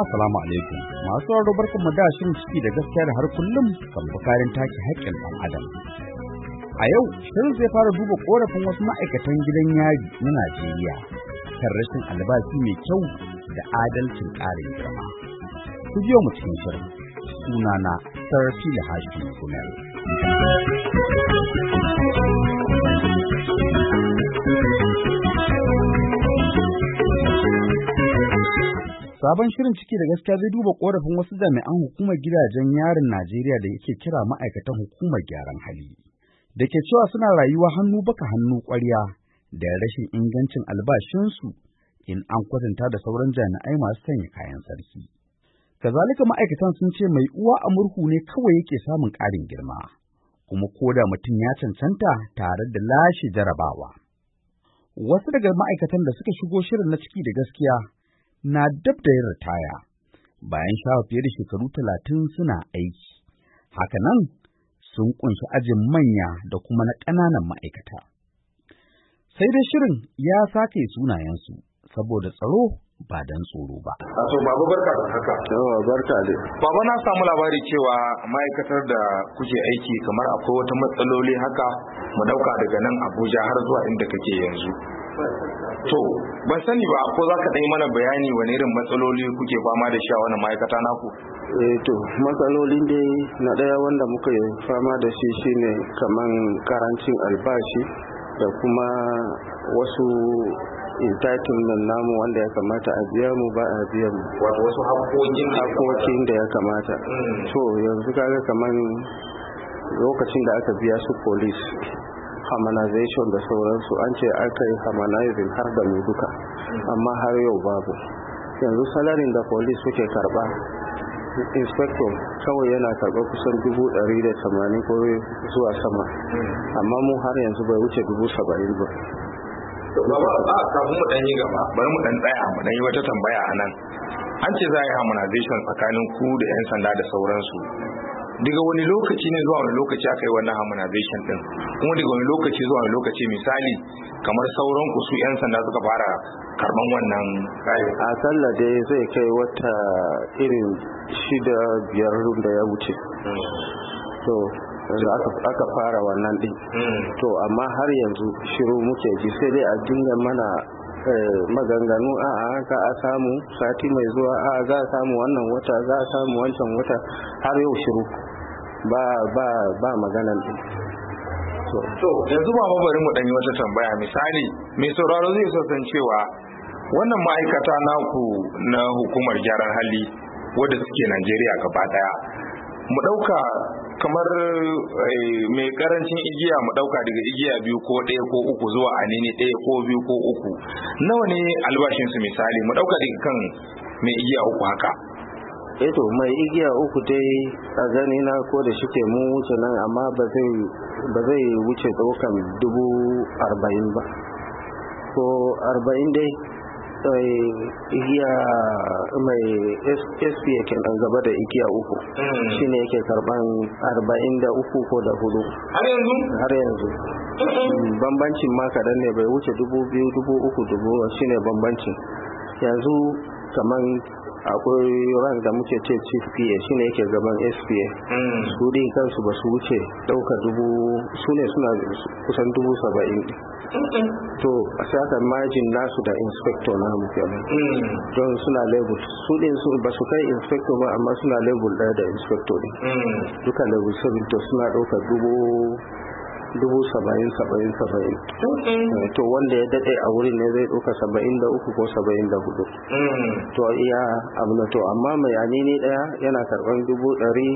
assalamu alaikum masu sauraro barkan mu da shirin ciki da gaskiya da har kullum kan bukarin take haƙƙin ɗan adam a yau shirin zai fara duba korafin wasu ma'aikatan gidan yari na Najeriya kan rashin albashi mai kyau da adalcin ƙarin girma ku biyo mu cikin shirin sunana sarfi da hashin Sabon shirin ciki da gaskiya zai duba korafin wasu jami'an hukumar gidajen yarin Najeriya da yake kira ma'aikatan hukumar gyaran hali. Da ke cewa suna rayuwa hannu baka hannu kwarya da rashin ingancin albashinsu in an kwatanta da sauran jami'ai masu sanya kayan sarki. Kazalika ma'aikatan sun ce mai uwa a murhu ne kawai yake samun ƙarin girma, kuma ko da mutum ya cancanta tare da lashe jarabawa. Wasu daga ma'aikatan da suka shigo shirin na ciki da gaskiya na dab da yin ritaya bayan shafa fiye da shekaru talatin suna aiki. haka nan sun kunshi ajin manya da kuma na ƙananan ma'aikata. Sai dai shirin ya sake sunayensu saboda tsaro ba don tsoro ba. Wato babu barka da haka. Yawa barka ne. Baba na samu labari cewa ma'aikatar da kuke aiki kamar akwai wata matsaloli haka mu ɗauka daga nan Abuja har zuwa inda kake yanzu. to ban sani ba ko za ka ɗai mana bayani wani irin matsaloli kuke fama da shi a wani ma'aikata naku eh to matsalolin da na ɗaya wanda muka yi fama da shi shine kaman karancin albashi da kuma wasu entitlement namu wanda ya kamata a biya mu ba a biya mu wato wasu haƙoƙin da ya kamata so mm. yanzu kaga kaman lokacin da aka biya su police harmonization da sauransu an ce aka yi harmonizing har da duka amma har yau babu yanzu salarin da police suke karba inspector kawai yana karba kusan dubu da tamanin ko zuwa sama amma mu har yanzu bai wuce dubu saba'in ba kafin mu ɗan yi gaba, bari mu ɗan tsaya mu ɗan yi wata tambaya a nan. An ce za a yi harmonization tsakanin ku da 'yan sanda da sauransu. daga wani lokaci ne zuwa wani lokaci aka yi wannan harmonization din kuma daga wani lokaci zuwa wani lokaci misali kamar sauran ku su yan sanda suka fara karban wannan a sallah dai zai kai wata irin shida biyar da ya wuce to aka fara wannan din hmm. to amma har yanzu shiru muke ji sai dai a dinga mana eh, maganganu a haka a samu sati mai zuwa a za a samu wannan wata za a samu wancan wata har yau shiru ba maganar. ba so yanzu ba bari mu danyi wata tambaya misali mai sauraro zai so san cewa wannan ma'aikata naku na hukumar gyaran hali wadda suke Najeriya gaba daya mu dauka kamar eh, mai karancin igiya mu ɗauka daga igiya biyu ko ɗaya ko uku zuwa a nini ɗaya ko biyu ko uku nawa ne albashinsu misali mu ɗauka daga kan mai igiya uku haka eto eh mai igiya uku dai a gani na ko da shi ke mu wuce nan amma ba zai wuce ɗaukan dubu arba'in ba ko arba'in dai eh, igiya mai sp yake dan gaba da igiya uku hmm. shine yake karban arba'in da uku ko da hudu har yanzu har yanzu hmm. Hmm, bambancin ma kadan ne bai wuce dubu biyu dubu uku dubu shi ne bambancin yanzu kaman akwai ran da muke ce shi shine yake gaban spa hmm. su din kansu ba su wuce dauka dubu su ne suna kusan dubu saba'in hmm. to a saka margin nasu da inspector na mu kenan hmm. don suna label su din su ba su kai inspector ba amma suna label daya da inspector din duka label 7 to suna dauka dubu dubu saba'in saba'in saba'in eh, to wanda ya daɗe a wurin ne zai ɗauka saba'in da uku ko saba'in da hudu mm. to iya abu na to amma mai anini ɗaya yana karɓar dubu ɗari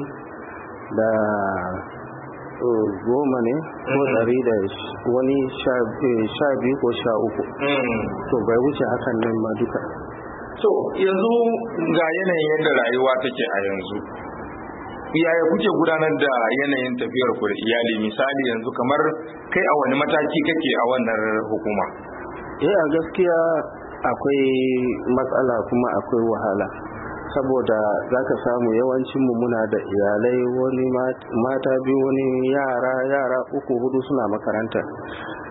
da goma ne ko mm. ɗari da wani eh, sha biyu ko sha uku mm. to bai wuce hakan nan ma duka so yanzu ga yanayin yadda rayuwa take a yanzu yaya kuke gudanar da yanayin tafiyar ku da iyali misali yanzu kamar kai a wani mataki kake a wannan hukuma eh a gaskiya akwai matsala kuma akwai wahala saboda za ka samu yawancinmu muna da iyalai wani mata biyu wani yara yara uku hudu suna makaranta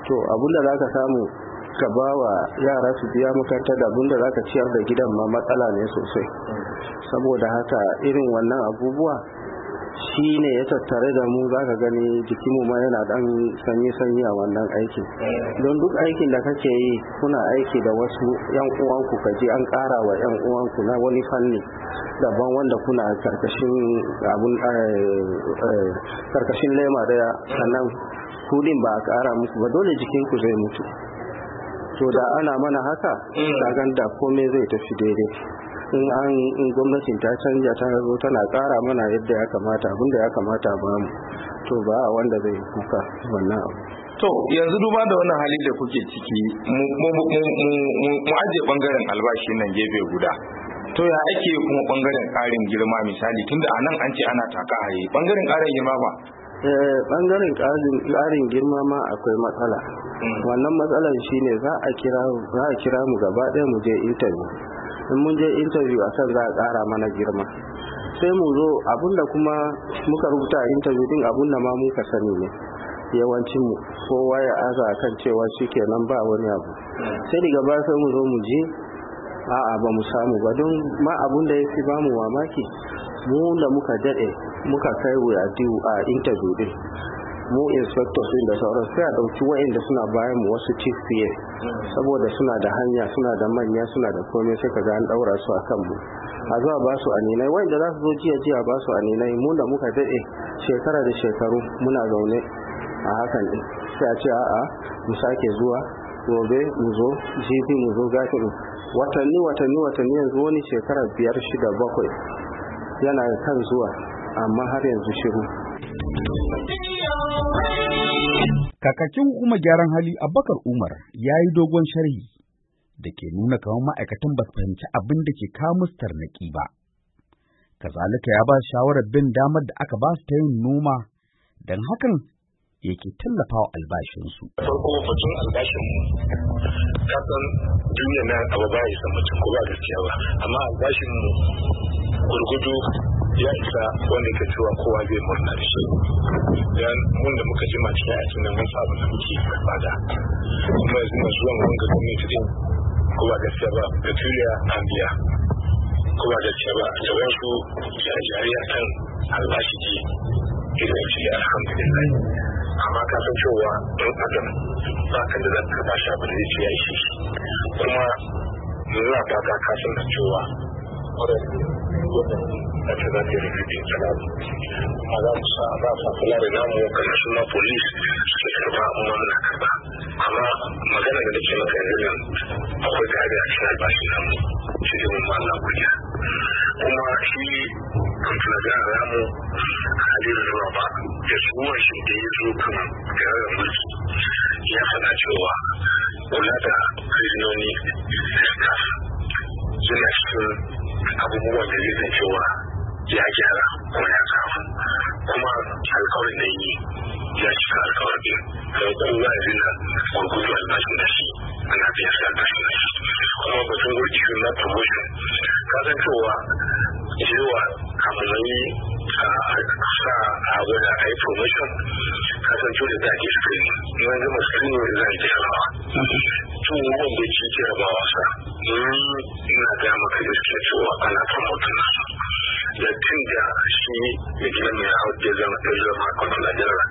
to abinda za ka samu ka ba wa yara su biya makaranta da abinda za ka ciyar da gidan ma matsala ne sosai mm. saboda haka irin wannan abubuwa shi ne ya tattare da mu za ka gani jiki mu ma yana dan sanyi-sanyi a wannan aikin don duk aikin da kake yi kuna aiki da wasu yan uwanku ka ji an ƙara wa yan uwanku na wani fanni daban wanda kuna karkashin abun eh, eh, karkashin lema daya sannan kudin ba a kara muku ba dole jikin ku zai mutu to da ana mana haka mm. da ganda komai zai tafi daidai in an gwamnatin ta canja ta zo tana tsara mana yadda ya kamata abin da ya kamata ba mu to ba wanda zai kuka wannan abu to yanzu duba da wannan hali da kuke ciki mu aje bangaren albashi nan gefe guda to ya ake kuma bangaren karin girma misali tunda a nan an ce ana taka haye bangaren karin girma ba bangaren eh, karin girma ma akwai matsala mm. wannan matsalar shine za a kira mu gaba ɗaya mu je interview in mun je interview a kan za a ƙara mana girma sai mu zo abinda kuma muka rubuta a interview din abinda ma muka sani ne yawancin mu kowa ya aza kan cewa shikenan ba wani abu sai daga ba sai mu zo mu ji a'a ba mu samu ba don ma abin da ya fi ba mu mamaki mu da muka daɗe muka kai wa a interview din mu inspectors din da sauran sai a dauki wa'inda suna bayan mu wasu chief PA saboda suna da hanya suna da manya suna da komai sai ga an daura su a mu a zuwa ba su aninai wa'inda za su zo jiya jiya ba su aninai mu da muka dade shekara da shekaru muna zaune a hakan din sai a ce a'a mu sake zuwa gobe mu zo jibi mu zo gafin watanni watanni watanni yanzu wani shekara biyar shida bakwai yana kan zuwa amma har yanzu shiru Kakakin hukumar gyaran hali a Bakar Umar ya yi dogon sharhi da ke nuna kamar ma'aikatan ba su fahimci abin da ke Kamus tarnaki tarnaƙi ba. Kazalika ya ba shawarar bin damar da aka ba su ta yin noma don hakan yake wa albashinsu. Farko mutum albashin kasan duniya na abu ba ya san mutum ko ba gaskiya ba amma albashin gurgudu ya isa wanda ke cewa kowa zai murna da shi dan mun da muka jima cikin aikin nan mun samu da muke bada kuma yanzu na zuwan wanga gwamnati din kuma da ba petulia an biya kuma da ba da wasu jariya kan albashi ji irin shi alhamdulillah amma ka san cewa ɗan adam ba ka da zaka ba shi abin da zai ya shi kuma yanzu a ta ka san da cewa waɗanda da ta zafi da kaɗe salatu a za mu sa ba sa kula da namu kan suna polis suke karba amma magana da nake maka akwai kare a cikin albashi namu shi ne mun ma'ana kunya kuma shi kamfana da ramu a halin zuwa ba da tsuwar shi da ya zo kan garin mulki ya faɗa cewa kula da prisoners suna cikin abubuwan da zai cewa ya gyara kuma ya samu kuma alkawarin da yi ya cika alkawarin da ya kuma yanzu na gurgudu albashin da shi ana biyan sa albashin da shi kuma batun gurgudu na promotion ka san cewa cewa kamar yi a sa a wani a yi promotion ka san cewa da ake screen in an gama screen wani za a yi jarabawa tun wanda ke jarabawa sa ni ina ga maka gaskiya cewa ana kan mutum da tun da shi da gidan mai hau ya zama ɗan zama kwantala jirara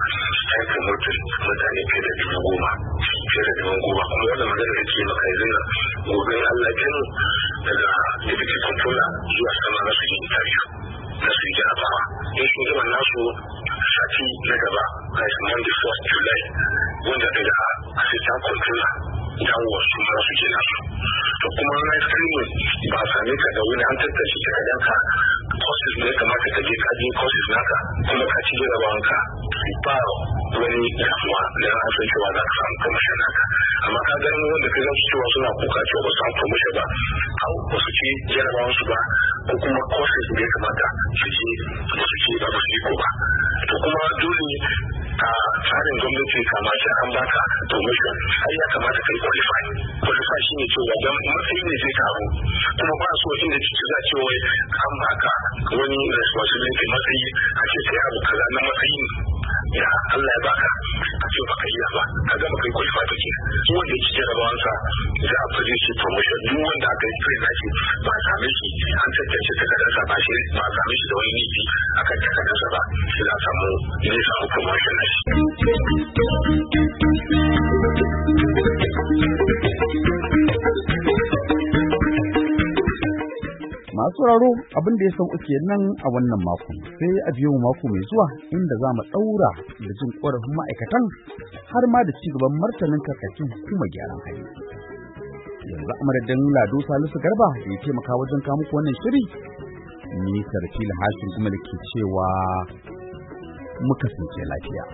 sai ka mutum mutane fiye da dubu goma fiye da dubu goma kuma wanda magana da ke maka yanzu na gobe Allah kin daga deputy controller zuwa sama na su yi interview na su yi jarabawa in sun gama nasu sati na gaba a yi monday 4th july wanda daga assistant controller dawowa su ma su ke nasu to kuma na screening ba a same ka da wani an tattace ka dan ka courses ne kamata ka je ka je courses naka kuma ka ci jarabawan ka ba wani damuwa da an san cewa za ka samu promotion naka amma ka ga mu wanda ka ga cewa suna kuka cewa ba su samu promotion ba au ba su ci jarabawan su ba ko kuma courses ne kamata su ci ba su ci ba su ci ko ba to kuma dole a tsarin gwamnati kamata an baka promotion ai ya kamata kai qualify wani sa shi ne cewa don matsayi ne zai kawo kuma ba so inda ciki za ce wai an baka wani responsibility matsayi a ce kai abu kaza na matsayin da Allah ya baka a ce baka yi ba ka zama kai kwalifa take duk wanda ya ci jarabawansa za a fi shi promotion duk wanda aka yi kai nashi ba a same shi an tantance takardarsa ba shi ba a same shi da wani nifi akan takardarsa ba shi za a samu zai samu promotion nashi sauraro abin da ya uke nan a wannan mako sai a biyo mako mai zuwa inda za mu ɗaura da jin ƙorafin ma'aikatan har ma da cigaban martanin karkashin kuma gyaran hali. Yanzu a Lado Salisu Garba da ya taimaka wajen kamu wannan shiri ni sarfi hashin kuma da ke cewa muka sunce lafiya.